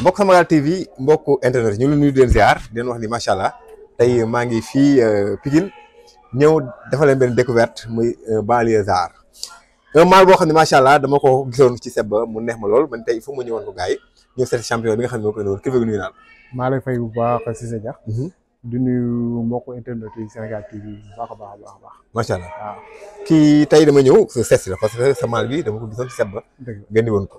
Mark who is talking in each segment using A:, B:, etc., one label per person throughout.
A: mbokk Samagal TV mbokk internet ñu ngi leen nuyu di leen ziar di leen wax ni macha allah tey maa ngi fii euh, Pikine ñëw dafa leen benn découverte muy euh, banlieusard un mal boo xam ne macha allah dama ko gisoon ci seb ba mu neex ma lool man tey il faut ñëwoon ko gars yi ñëw seet champion bi nga xam ne naa maa lay fay bu baax Cissé Dia. Mhm. di nuyu bokk internet yi Sénégal TV bu baax baax a baax a allah kii tey dama ñëw seet si la parce que sa mal bi dama ko gisoon ci seb ba. woon ko.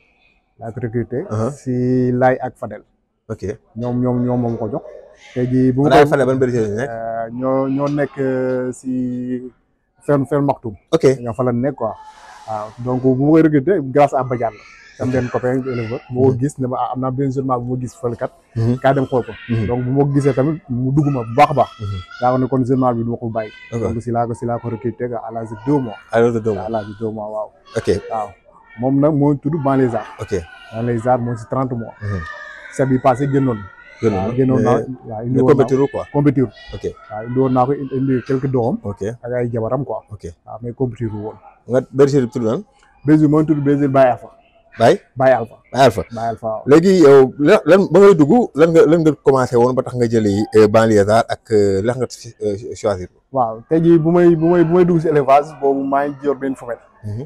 A: laa uh-huh. si Laay ak Fadel. ok ñoom ñoom ñoom moom ko jox. tey jii bu Laay Fadel ban bëri si euh, ñoo ñoo nekk euh, si ferme ferme Maktoum. ok ñoo fa la nekk quoi. waaw donc bu ma koy recruté grâce a Badiane la. am benn copain mhm. gis ne a ah, am na benn jour bu ma gis fële kat mhm. kaa dem xool ko mhm. donc bu ma gisee tamit mu dugg bu baax a baax daa ko ne kon journal bi du ma ko bàyyi donc si laa ko si laa ko recruté à l'âge de deux mois à l'âge de deux waaw moom nag moo tudd Banlieusard. ok Banlieusard moo si trente mois. Mhm. set bi passé génnoon. génnoon naa waaw indi woon compétiteur quoi compétiteur. ok waaw indi woon naa ko indi quelques doomam. ok ak ay jabaram quoi. ok waaw mais compétiteur woon. nga bergerie bi tudd naan. bergerie moo tudd bergerie Baye Alpha. Baye Baye Alpha. Baye Alpha Baye Alpha waaw. léegi yow lan ba ngay dugg lan nga lan nga commencé woon ba tax nga jëlee euh, Banlieusard ak euh, lan nga euh, choisir. waaw tey jii bu may bu may bu may dugg si élevage boobu maa ngi yor benn femelle. Mhm.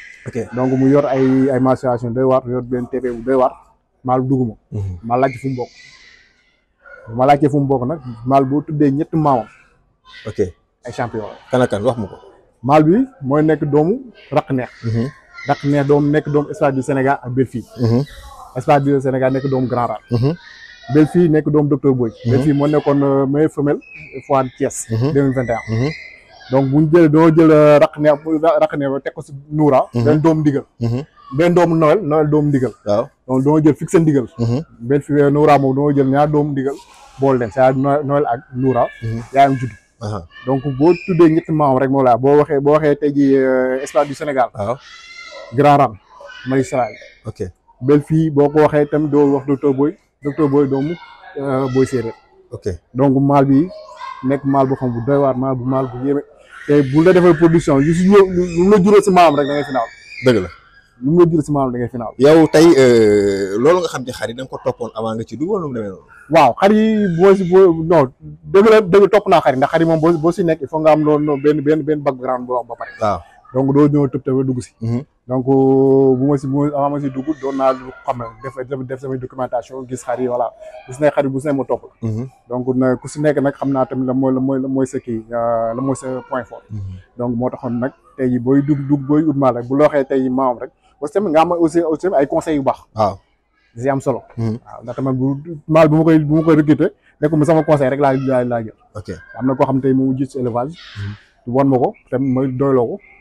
A: donc mu yor ay ay mensuration doy waar yor benn TP bu doy waar maal duguma mhm. ma laajte fu mu bokk nag maal boo tuddee ñetti maamam ok ay champion kan wax ma ko maal bi mooy nekk doomu raq neex mhm. raq neex doom nekk doomu Espace du Sénégal ak Belfi Espace mhm. du Sénégal nekk doomu Grand Rat Belfi nekk doomu docteur Boy Belfi moo nekkoon euh, meilleure femelle foire Thiès donc bu ñu jëlee doo jël euh, raq ne raq ne ko si nuura. Mhm. benn doom ndigal. Mhm. benn doomu Noël Noël doomu ndigal. donc doo jël fixé ndigal. Mhm. benn euh, doo jël ñaar doomu ndigal bool leen cest ak nuura. yaa donc boo tuddee ñetti maam rek moo la boo waxee boo waxee tey jii euh, espace du Sénégal. Grand Ram Marie Salaay. ok fii boo ko waxee tamit doo wax docteur Boy docteur Boy doomu Boy Séeréer. donc maal bi nekk maal boo xam bu doy waar maal bu maal bu yéeme. te bu la defal production lu si lu la jural si maam rek da ngay final. la lu la jural si maam da ngay final. yow tey euh, loolu nga xam ni xar yi da nga ko toppoon avant nga ci dugg wala mu demee waaw xar yi boo si boo non dëgg la dëgg topp naa xar yi ndax xar moom boo boo si nekk il nga am loolu benn benn benn background boo am ba pare. waaw. donc doo ñëw tëb tëb dugg si. Mhm. donc bu ma si bu ma ma si dugg doon naa lu xam def def samay documentation gis xar gis na xar bu si ne ma topp. Mhm. ku si nekk nag xam naa tamit la mooy la mooy la mooy sa kii euh, la mooy sa point mhm. moo taxoon nag tey booy dug dugg booy ut maal rek bu loo xee tey jii rek parce nga am aussi aussi ay conseils yu baax. waaw si am solo. waaw ndax tamit bu maal bu ma koy bu ma koy recruter nekkul sama conseil rek laa laa laa jël. ok am na koo xam tey mu jiit si élevage. wan ma ko tamit ma doyloo ko.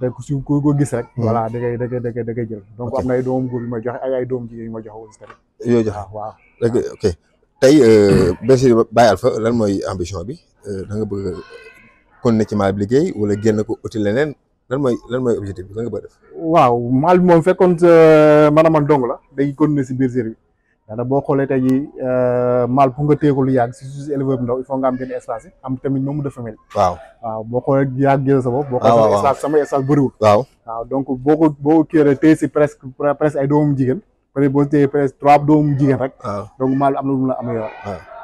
A: te ku ku ko gis rek. Hmm. voilà da koy da koy da koy da koy jël. donc am na ay doomu góor yu jox joxe ay ay doomu jigéen yu ma joxe aussi tamit. yoo joxe ah, waaw ok ok tey euh, Bergerie Baye Alpha lan mooy ambition bi euh, da nga bëgg kon ne ci maal bi liggéey wala génn ko uti leneen lan mooy lan mooy objectif bi lan nga bëgg def. waaw maal bi moom fekkoon euh, man man dong la day continuer si bergerie bi. daanaka boo xoolee tey jii mal pour nga téye ko lu yàgg si si éleveur bu ndaw il faut nga am benn espace am tamit nombre de femelles. waaw waaw boo xoolee yàgg jël sa boo xoolee sama espace sama boo ko boo kiiaree téye si presque presque ay doomam jigéen. peut boo téye presque trois jigéen rek. donc la amee yow.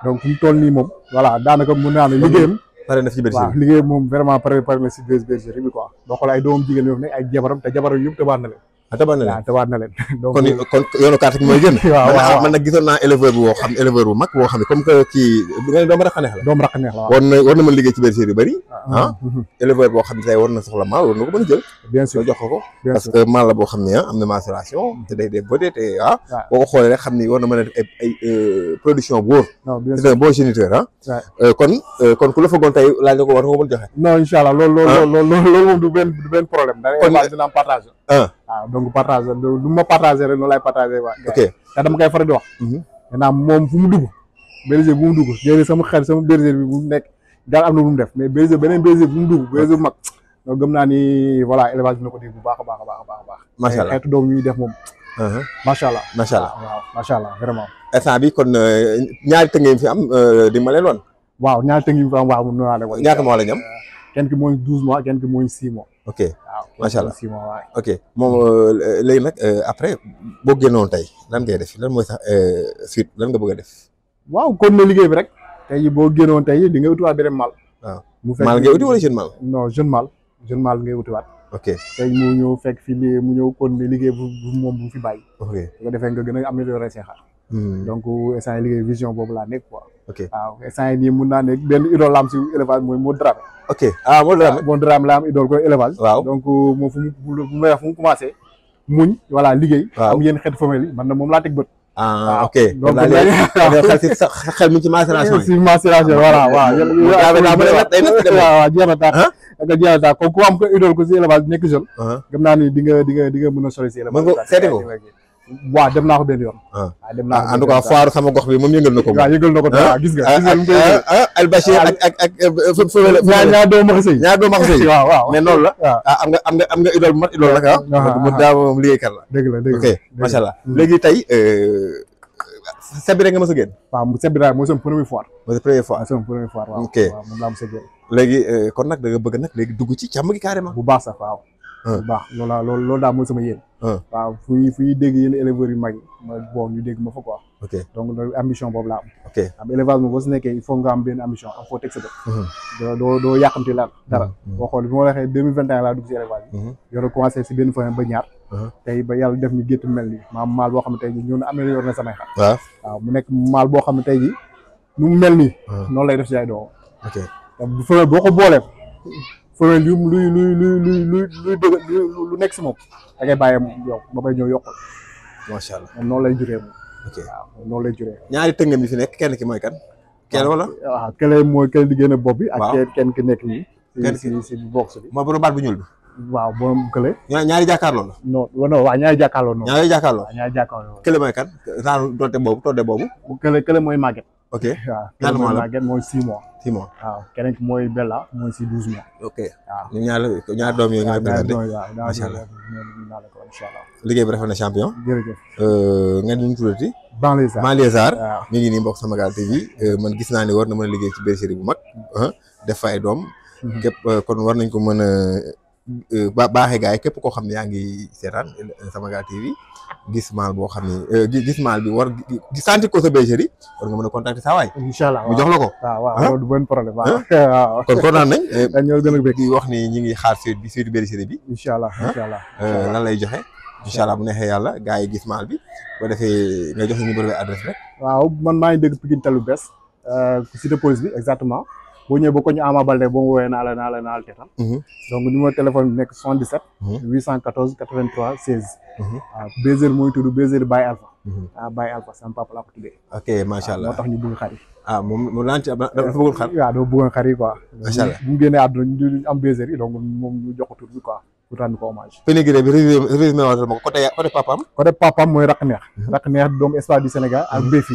A: donc fi mu toll nii moom. voilà daanaka mën naa ne ay doomam jigéen yoo xam ne te jabaram yëpp tabaat na leen ah tabaat na leen tabaat na leen. donc kon kon yoonu carte gi mooy gën. waaw waaw man nag gisoon naa éleveur bu boo xam éleveur bu mag boo xam ne comme que kii du nga ne doomu raxaneex la. doomu raxaneex la waaw war na war na mën liggéey ci bergerie yu bëri. ah, ah, ah. ah boo xam ne tey war na soxla maal war na ko mën a jël. boo xam a kon ku la fëggoon tey laaj ko war na ko mën a joxe. non allah loolu loolu moom du benn du benn waaw ah, donc partage lu ma partagé rek noonu laay partagé waa ok te dama koy faral wax mhm. maintenant moom fu mu dugg berger bu mu dugg jëri sama xel sama berger bi bu mu nekk daal am na lu mu def mais berger beneen berger bu mu dugg berger bu mag donc gëm naa ni voilà élevage bi na ko dégg bu baax a baax a baax a baax allah eh, xeetu doom ñuy def moom uh-huh. macha allah macha allah vraiment instant bi kon euh, ñaari tënk yi fi am euh, di ma leen woon waaw ñaari tënk yi fi am waaw mun naa leen woon ñaata moo la ñam euh, kenn ki mooy douze mois kenn ki mooy six mois. ok macha allah waaw six ok moom euh, léegi nag euh, après boo génnoon tey lan ngay def lan mooy sax euh, suite lan nga bëgg a def. waaw kon na liggéey bi rek. tey boo génnoon tey di nga utiwaat beneen mal. waaw ah. mal ngay uti wala jeune mal. non jeune mal jeune mal ngay utiwaat. ok tey mu ñëw fekk fii li mu ñëw kon ne liggéey bu moom bu fi bàyyi. ok su defee nga gën a améliorer seen xar. Hmm. donc instant liggéey vision boobu laa nekk quoi. ok waaw ah, instant yi nii mun naa ne benn idole la am si élevage mooy Modou Dramé. ok ah Modou Dramé ah, la am idole ko élevage. waaw donc euh, moom fu mu fu mu fu mu commencé. muñ voilà liggéey. waaw am yenn xeetu femelle yi man na moom laa teg bët. ah ok donc xel mi ci macération si macération voilà ah, waaw. waaw jeex na taa ku am ko idole ko si élevage nekk jeune. gëm naa ni di nga di nga a si élevage. mën nga wa dem na ko ben yoon. waaw ah. ah, dem ko ah, en tout cas faaru sama gox bi mom yeugal nako wa yeugal nako na gis nga. gis nga Al bashir ak ak ak. fë eh, fë ñaar ñaar doomu xasee yi ñaar doomu xasee mais non la. ah am nga am nga am nga idol mat idol la ah. waaw mm. euh, waaw mu daa moom la. deug la deug la ok macha allah. tay euh Sabira nga mos a wa mu Sabira mo sama premier fois. mo sa premier fois mooy premier fois wa ok waaw moom laa mos a euh, kon nak da nga beug nak legui dugg ci càmm gi carrément. bu baax sax wa bu baax loolaa loolu loolu daal mooy sama yéen waaw fuy fuy dégg yéen éleveurs yu mag yi ma bon ñu dégg ma fa quoi ok donc ambition boobu laa am ok moom boo si nekkee il faut nga am benn ambition am foo teg sa doo doo boo xool bi ma waxee deux mille laa dugg si élevage bi yor commencé si benn famille ba ñaar tey ba yàlla def ñu gétt mel nii maam maal boo xam ne tey ji ñëw na amélioré na samay xar boo xam ne tey ji nu mu mel nii noonu lay def si ay doom boo ko boolee femelle yu luy luy luy luy luy luy lu nekk si moom da ngay bàyyee moom yow ba bay ñëw yokkal. macha allah moom noonu lay juree moom. ok waaw noonu lay juree. ñaari tëngam yi fi nekk kenn ki mooy kan.
B: kenn wala waaw ah,
A: kële mooy kële di génne bopp bi. ak kenn ki nekk nii. kenn ki si si box bi. mooy borom baat bu ñuul bi. waaw borom kële. ñaari jàkkaarloo la. non non waaw ñaari jàkkaarloo noonu. ñaari jàkkaarloo waaw ñaari jàkkaarloo. kële mooy kan raadu doote boobu doote boobu. kële kële mooy màgget. ok ñaar mooy màgget mooy si douze mois. ok waaw ñu ñaar ñaar doom yooyu. waaw ñaar doom yooyu macha liggéey bi rafet na champion. jërëjëf. Euh, nga ni ñu tuddati. banlieusard banlieusard. waaw mi ngi nii mbokk Samagal TV euh, man gis naa ni war na mën a liggéey ci bergerie bu mag. Mm-hmm. Ah, def fa ay doom. Mm-hmm. képp euh, kon war nañ ko mën Euh, ba baaxee gars yi képp koo xam ne yaa ngi seetaan Samagal TV gis maal boo xam ne euh, gis maal bi war di ko sa bergerie war nga mën a contacter saa waay. incha allah mu jox la ko. waaw waaw ah? loolu du kon kontaan nañ. Euh, ñoo gën a bëgg ni ñu ngi xaar suite bi suite bi. incha allah incha allah lan lay joxe. incha allah bu neexee yàlla gars yi gis maal bi boo defee nga joxe numéro adresse rek. waaw man maa ngi dégg Pikine Talou Bess. ci bi exactement. boo ñëwee ba ko ñu Ama Baldé boo ma woowee naa la naa la naa mhm. donc numéro téléphone bi nekk 77 814 83 16 waaw Bézér mooy tudd Bézér Baye Alpha waaw mhm. ah, Baye Alpha sama papa laa ko tuddee ok macha ah, allah moo tax ñu bëgg xar yi ah moom euh, bu ñu génnee àdduna ñu am Bézér yi donc moom ñu jox ko tur bi quoi pour rendre waatal ma ko côté côté papaam côté papaam mooy Rakk Neex mhm. Rakk Neex doomu Espace du Sénégal ak Béfi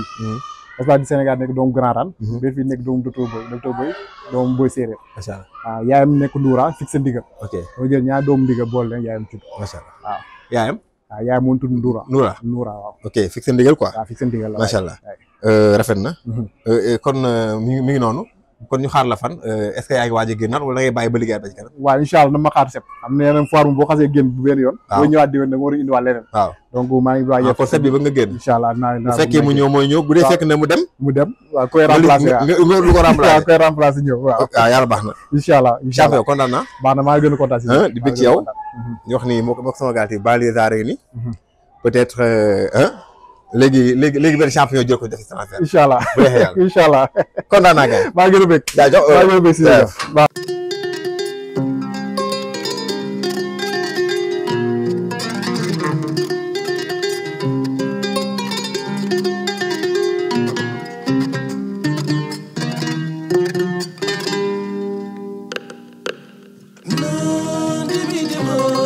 A: Espace du Sénégal nekk doomu Grand Rane. Mhm. ba fii nekk doomu Docteur Boy Docteur Boy doomu Boy Séeréer. macha allah waaw ah, yaayam nekk Ndoura fii sa ndigal. ok boo jël ñaar doomu ndigal boole leen yaayam tudd. macha allah ah. yaayam. waaw ah, yaayam moo tudd Ndoura. Ndoura Ndoura waaw. ok fii sa ndigal quoi. waaw fii sa ndigal la macha euh, rafet na. Mhm. Euh, kon euh, mu mi ngi noonu. kon ñu xaar la fan euh, est-ce que yaa waaj a génnaat wala da na ma xaar set am na yeneen foire boo xasee génn bu benn yoon boo ñëwaat déwén da a indiwaat leneen waaw donc maa ngi waaj ah, kon set bi ba nga na mu dem nga koy remplacé ñëw waaw waaw ah, yàlla baax na incha allah incha allah kontaan naa baax na maa ngi gën a kontaan si ah, di bëgg ci ñu wax ni moo ko gaal yi baa li zaare mhm. peut-être euh, léegi léegi léegi benn champion jël ko def si transfert. incha allah incha allah kontaan naa kay. maa ngi rëbëg. jaajëf maa ngi rëbëg si